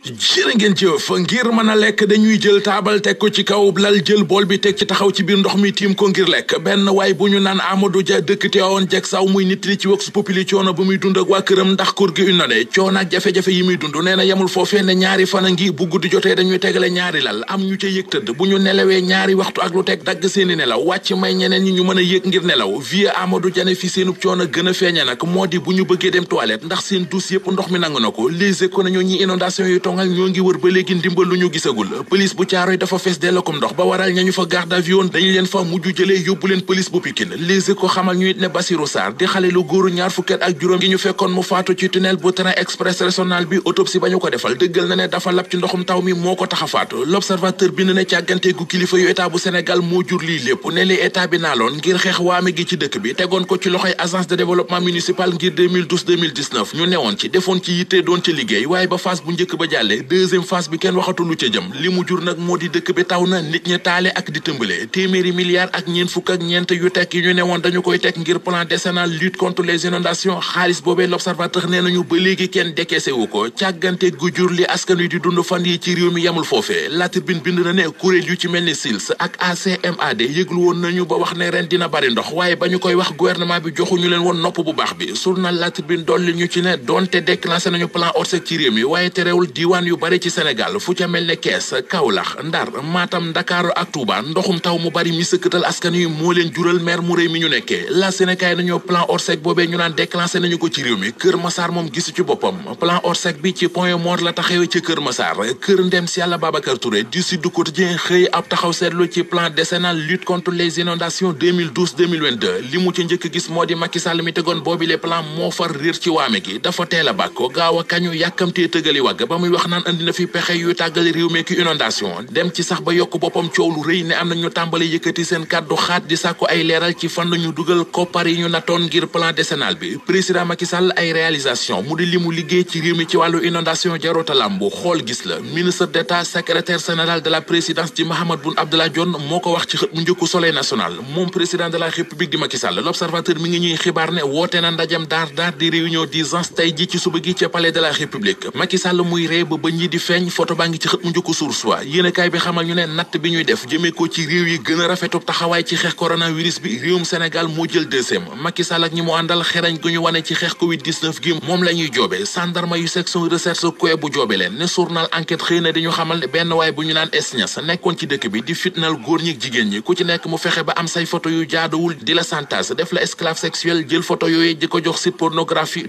jërë ngeen jëf ngir mën a lekk dañuy jël taabal teg ko ci kaw lal jël bool bi teg ci taxaw ci biir ndox mi tiim ko ngir lekk benn waay bu ñu naan Amadou Dia dëkk Tivaouane jeg saw muy nit li ci wax su populi coono ba muy dund ak waa këram ndax kur gi une année coono ak jafe-jafe yi muy dund nee na yemul foofee ne ñaari fan a ngi bu guddi jotee dañuy tegale ñaari lal am ñu ca yëg tëdd bu ñu nelawee ñaari waxtu ak lu teg dagg seeni nelaw wàcc may ñeneen ñi ñu mën a ngir nelaw vie Amadou Dia ne fi seenub coono gën a feeñe nag moo di bu ñu bëggee dem toilette ndax seen douche yëpp ndox mi nangu na ko les économies ñi inondation yi carton ak ñoo ngi wër ba léegi ndimbal lu ñu gisagul police bu caaroy dafa fees della ndox ba waral ñañu fa garde à dañu leen fa mujj jëlee yóbbu leen police bu Pikine léegi ko xamal ñu it ne Bassirou Sarr di xale lu góoru ñaar fukki ak juróom gi ñu fekkoon mu faatu ci tunnel bu train express régional bi autopsie ba ñu ko defal dëggal na ne dafa lab ci ndoxum taw mi moo ko tax a faatu l'observateur bind na càggante kilifa yu état bu Sénégal moo jur lii lépp ne li état ngir xeex waame gi ci dëkk bi tegoon ko ci loxoy agence de développement municipal ngir 2012 2019 ñu newoon ci defoon ci yitte doon jàlle deuxième phase bi kenn waxatu lu ca jëm li mu jur nag moo di dëkk bi taw na nit ñi taale ak di tëmbale téeméeri milliards ak ñeen fukk ak ñeent yu teg yi ñu ne woon dañu koy teg ngir plan décennal lutte contre les inondations xaalis boobee l'observateur nee nañu ba léegi kenn dekeese wu ko càggante gu jur li askan wi di dund fan yi ci réew mi yamul foofee la tribune bind na ne kuréel yu ci mel ni SILS ak ACMAD yëglu woon nañu ba wax ne ren dina bari ndox koy wax gouvernement bi joxuñu leen woon nopp bu bi journal la tribune dolli ñu ci ne doonte waan yu bare ci Sénégal fu ca mel ne Kees Kaolack Ndar Matam Ndakaaru ak Touba ndoxum taw mu bari mi sëkkatal askan wi moo leen jural mer mu réy mi ñu nekkee la Sénégal nañoo plan Orsec boobee ñu naan déclenché nañu ko ci réew mi Kër Massar moom gisu ci boppam plan Orsec bi ci point mort la taxawee ci Kër Massar kër ndem si yàlla Babacar Touré du Sud Quotidien xëy ab taxaw seetlu ci plan décennal lutte contre les inondations 2012 2022 li mu ci njëkk gis moo di Macky a bàkko gaaw a kañu yàkkamtee tëgali wàgg ba muy wax wax naan andi na fi pexe yuy tàggale réew mi ki inondation dem ci sax ba yokk boppam coow lu rëy ne am na ñu tàmbale yëkkati seen kàddu xaat di sàkku ay leeral ci fan ñu dugal koppar yi ñu nattoon ngir plan décennal bi président Macky Sall ay réalisation mu di li mu liggéey ci réew mi ci wàllu inondation jaroota lambu xool gis la ministre d'état secrétaire général de la présidence di Mahammed Boun Abdallah Dionne moo ko wax ci xët mu njëkku soleil national moom président de la république di Macky mi ngi ñuy xibaar ne woote na ndajam daar daar di réunion d'urgence tey ji ci suba gi ca palais de la république Macky Sall muy ree ba ba ñi di feeñ photo baa ngi ci mu njëkk source wa yéenekaay bi xamal ñu ne natt bi ñuy def jëmee ko ci réew yi gën a taxawaay ci xeex coronavirus bi réewum Sénégal moo jël deuxième Macky Sall ak ñi mu àndal xerañ gu ñu wane ci xeex covid 19 gi moom la ñuy joobe sandarma yu section recherche koe bu joobe leen ne journal enquête xëy na dañu xamal ne benn waay bu ñu naan esñas nekkoon ci dëkk bi di fitnal góor ñi jigéen ñi ku ci nekk mu fexe ba am say photo yu jaaduwul di la santage def la esclave sexuel jël photo yooyu di ko jox site pornographie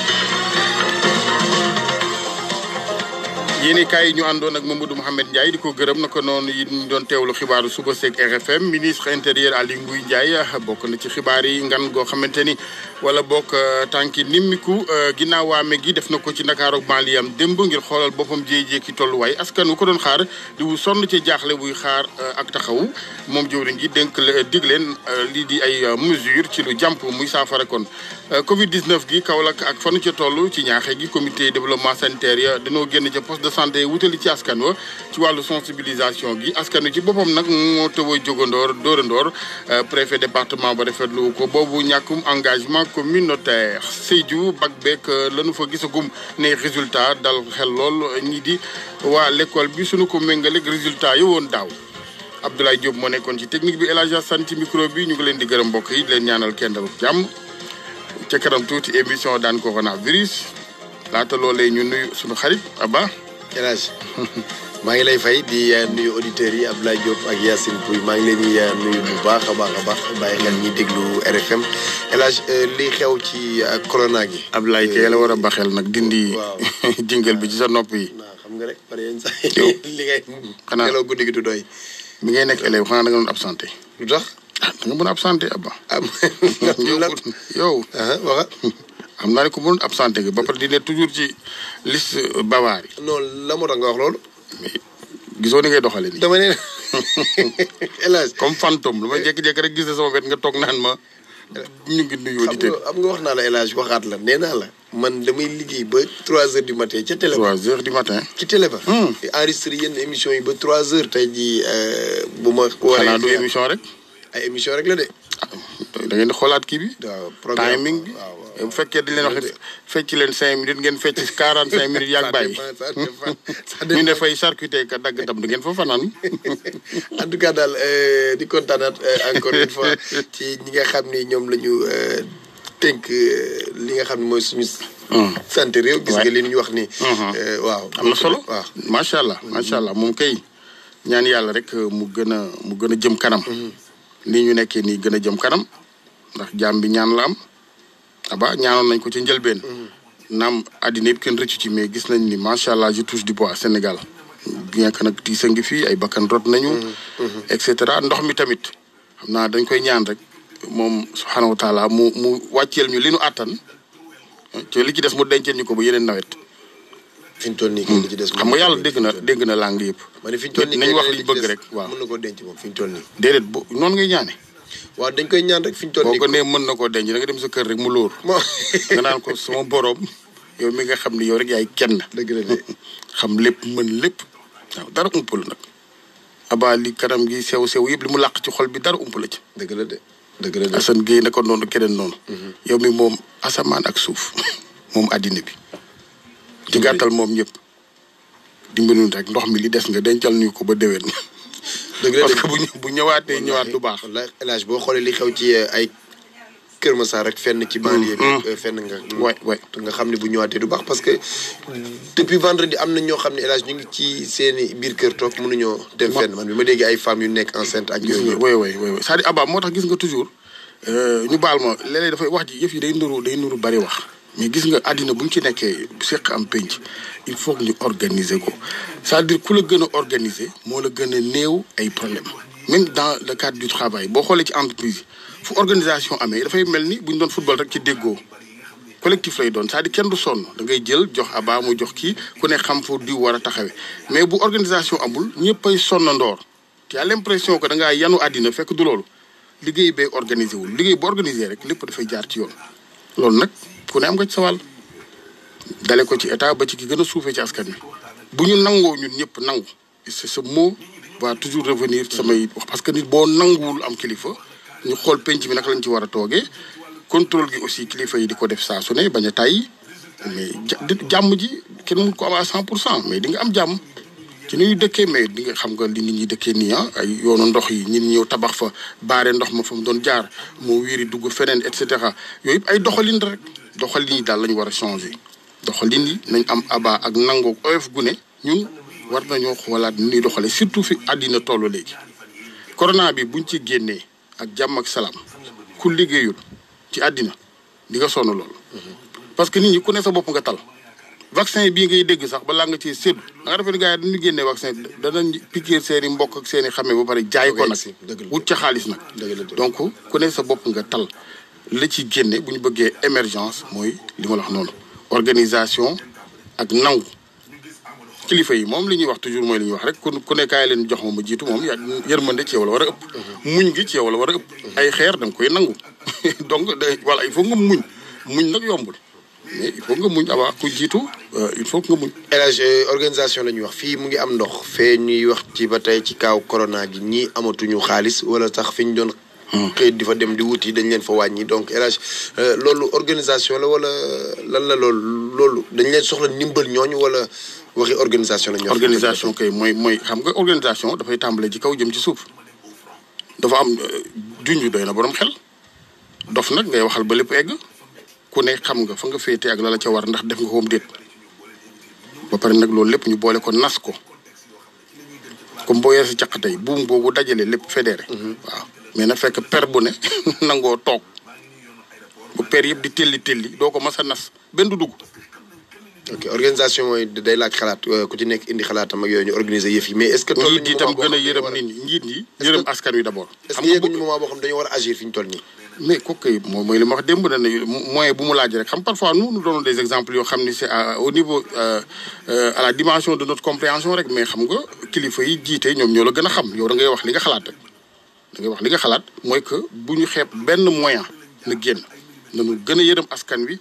yéeni kaay yi ñu àndoon moom Mamadou Mouhamed Ndiaye di ko gërëm na ko noonu yi ñu doon teewlu xibaaru suba seeg RFM ministre intérieur Aly Ngouille Ndiaye bokk na ci xibaar yi ngan goo xamante ni wala bokk euh, tànki nimmiku euh, ginnaaw waame gi def na ko ci Ndakaaru ak banlieue am démb ngir xoolal boppam jéey-jéeki tolluwaay askan wu ko doon xaar di wu sonn ci jaaxle buy xaar euh, ak taxawu moom jëwriñ ji dénk la dig lii di ay mesure ci lu jàmp muy saafara kon Euh, Covid 19 gi Kaolack ak fanu ci tollu ci ñaaxe gi comité développement sanitaire ya dañoo génn ca poste de santé wutali ci askan wa ci wàllu sensibilisation gi askan ci boppam nag moo tëwa jógandoor dóorandoor euh, préfet département ba rafetlu ko boobu ñàkkum engagement communautaire Sédhiou bag beek euh, lañu fa gisagum ne résultat dal xel lool ñii di waa l'école bi suñu ko méngaleeg résultat yi woon daaw Abdoulaye Diop moo nekkoon ci technique bi El Hadj Assane micro bi ñu ngi leen di gërëm mbokk yi di leen ñaanal kenn dalul jàmm ci këram tuuti émission daan ko coronavirus laata loolee ñu nuyu suñu xarit Abba. kelaj maa ngi lay fay di eh, nuyu auditeurs yi Abdoulaye Diop ak Yacine Pouy maa ngi leen di eh, nuyu bu baax a baax a baax bàyyi xel ñi déglu RFM Elage eh, li xew ci corona gi. Abdoulaye kay la war a baxel nag dindi. waaw jingal bi ci sa nopp yi. xam nga rek pare yenn saa li ngay. xanaa ngelaw guddi gi du doy. mi ngay nekk élève xanaa da nga doon absenté. lu tax. da nga mën a absenté Abba. yow waxa xam naa ne ku mënut absenté ba pare di ne toujours ci liste bavaar yi. non la moo tax nga wax loolu. gisoo ni ngay doxale nii. dama ne hélas. comme fantôme ma jékki-jékki rek gis na sama wet toog naan ngi nuyu auditeurs nga wax naa la hélas waxaat la nee naa la. man damay liggéey ba trois heures du matin ca télé. trois heures du matin. ci télé ba. Hmm. enregistré yenn émission yi ba trois heures. tey jii euh, bu ma. waree xanaa du émission rek. ay émission rek la de da ngeen xolaat ki bi timing bi bu fekkee di leen wax fecc leen 5 minutes ngeen fecc 45 minutes yaag bàyyi ñu ne fay charcuté ka dagg tam du ngeen fa fanaan en tout cas daal euh, di kontaanaat euh, encore une fois ci ñi nga xam ni ñoom la ñu euh, tënk li nga xam ne mooy suñu hmm. sant réew gis nga li ñu wax ni hmm, hmm. waaw am na solo macha allah macha allah moom kay ñaan yàlla rek mu gën a mu gën a jëm kanam lii ñu nekkee nii gën a jëm kanam ndax jaam bi ñaan la am aba ñaanoon nañ ko ci njëlbeen. Mm-hmm. naam àddina yëpp kenn rëccu ci mais gis nañ ni macha allah je touche du bois Sénégal. bien que nag tiisa ngi fii ay bakkan rot nañu. Mm-hmm. Mm-hmm. et cetera ndox mi tamit xam naa dañ koy ñaan rek moom subhaanahu wa mu mu wàcceel ñu li nu àttan te li ci des mu denceel ñu ko ba yeneen nawet. fiñ toll nii kay li hmm. ci des xam nga yàlla dégg na dégg na langue yëpp ma fiñ toll nii nañ wax liñ bëgg rek waaw mën na denc moom fiñ toll nii déedéet bu ngay ñaane waaw dañ koy ñaan rek fiñ toll nii ko nee mën na denc da nga dem sa kër rek mu nga ko sama borom yow mi nga xam yow rek yaay kenn xam mën dara umpul gi sew sew ci xol bi dara ci la de la de mhm. yow mi moom asamaan ak bi ci gàttal moom ñëpp dimbalu rek ndox mi li def nga dencal ñu ko ba déwén. dëgg la parce que bu bu ñëwaatee ñëwaat du baax. El Hadj boo xoolee li xew ci eh, ay Kër Massar rek fenn ci banlieue yi mm, mm. eh, fenn nga. waay waay nga xam ne bu ñëwaatee du baax parce que depuis vendredi am na ñoo xam ne El ñu ngi ci seen i biir kër toog mënuñoo dem fenn man bi ma déggee ay femmes yu nekk enceinte ak yooyu. waay waay waay c'est-à-dire Abba moo tax gis nga toujours euh, ñu baal ma léeg-léeg dafay wax ji yëf yi day nuru day nuru bari wax. mais gis nga àddina bu ñu ci nekkee seq am penc il faut que ñu organiser ko c'est-à-dire ku la gën a organiser moo la gën a néew ay problème même dans le cadre du travail boo xoolee ci entreprise fu organisation dafay mel ni bu ñu doon football rek ci déggoo collectif lay doon cest à kenn du sonn da ngay jël jox abaa mu jox ki ku ne xam foo diw war a taxawee mais bu organisation amul ñëppay sonnandoor y a l'impression que ko ngaa yanu àddina fekk du loolu liggéey bee organisé wul liggéey bu organisé rek lépp dafay jaar ci yoon loolu nag ku ne am nga ci sa wàll dale ko ci état ba ci ki gën a suufee ci askan wi bu ñu nangoo ñun ñëpp nangu sa ce mot va toujours revenir samay wax parce que nit boo nanguwul am kilifa ñu xool penc bi naka lañ ci war a toogee contrôle gi aussi kilifa yi di ko def saa su ne bañ a tàyyi mais jàmm ji kenn mu ko am cent pour cent mais di nga am jàmm ci ni ñu dëkkee mais di nga xam nga li nit ñi dëkkee nii ah ay yoonu ndox yi ñin ñëw tabax fa baare ndox ma fa mu doon jaar moo wiiri dugg feneen et cetera yooyu yëpp ay doxalin rek doxalin yi daal lañu war a changer doxalin yi nañ am aba ak nangoo oyof gu ne ñun war nañoo xoolaat ni ñuy doxalee surtout fi àddina tollu léegi. corona bi buñ ci génnee ak jàmm ak salaam ku liggéeyul ci àddina di nga sonn lool mm-hmm. parce que nit ñi ku ne sa bopp nga tal. vaccin bii ngay dégg sax balaa nga ciy séddu da nga defee ni gars yi dañuy génnee vaccin danañ piquer seen i mbokk ak seen i xame ba pare jaay ko nag wut ca xaalis nag donc ku ne sa bopp nga tal la ci génne bu ñu bëggee émergence mooy li ma wax noonu organisation ak nangu kilifa yi moom li ñuy wax toujours mooy li ñuy wax rek ku ne kaay leen jox ma ma jiitu moom yërmande ci yow la war a mhm. muñ gi ci yow war mhm. ay xeer da nga koy donc voilà il faut nga muñ muñ nag yombul mais il faut nga muñ avant ku jiitu Euh, il faut que nga muñ. élage euh, organisation la ñuy wax fii mu ngi am ndox fee ñuy wax ci ba tey ci kaaw corona gi ñii amatuñu xaalis wala sax fi ñu doon. Hmm. xëy di fa dem di wuti dañ leen fa wàññi donc élage euh, loolu organisation la wala lan la loolu loolu dañ leen soxla ndimbal ñooñu wala waxi organisation la ñuy wax. organisation kay mooy mooy xam nga organisation dafay tàmbale ci kaw jëm ci suuf dafa am junj doy na borom xel dof nag ngay waxal ba lépp egg ku ne xam nga fa nga féete ak la la ca war ndax def nga koom déet. ba pare nag loolu lépp ñu boole ko nas ko comme boo yee si caq tey buum boobu dajale lépp fédéré. Mhm. waaw mais na fekk per bu ne nangoo toog bu per yëpp di telli telli doo ko a nas benn du dugg. ok organisation mooy day laaj xalaat euh, ku ci nekk indi xalaatam ak yooyu organiser yëf mais est-ce que. toll njiit tam gën a yërëm nit ñi njiit yërëm askan wi d'abord. xam nga est-ce que yëguñu a agir fi ñu toll nii. mais kooku moom mooy li ma wax démb na ne moyen bu mu laaj rek xam parfois nous nous donnons des exemples yoo xam ni c'est au niveau euh, euh, à la dimension de notre compréhension rek mais xam nga kilifa yi jiite ñoom ñoo la gën a xam yow da ngay wax li nga xalaat rek da wax li nga xalaat mooy que bu ñu xeep benn moyen na génn nañu gën a yërëm askan wi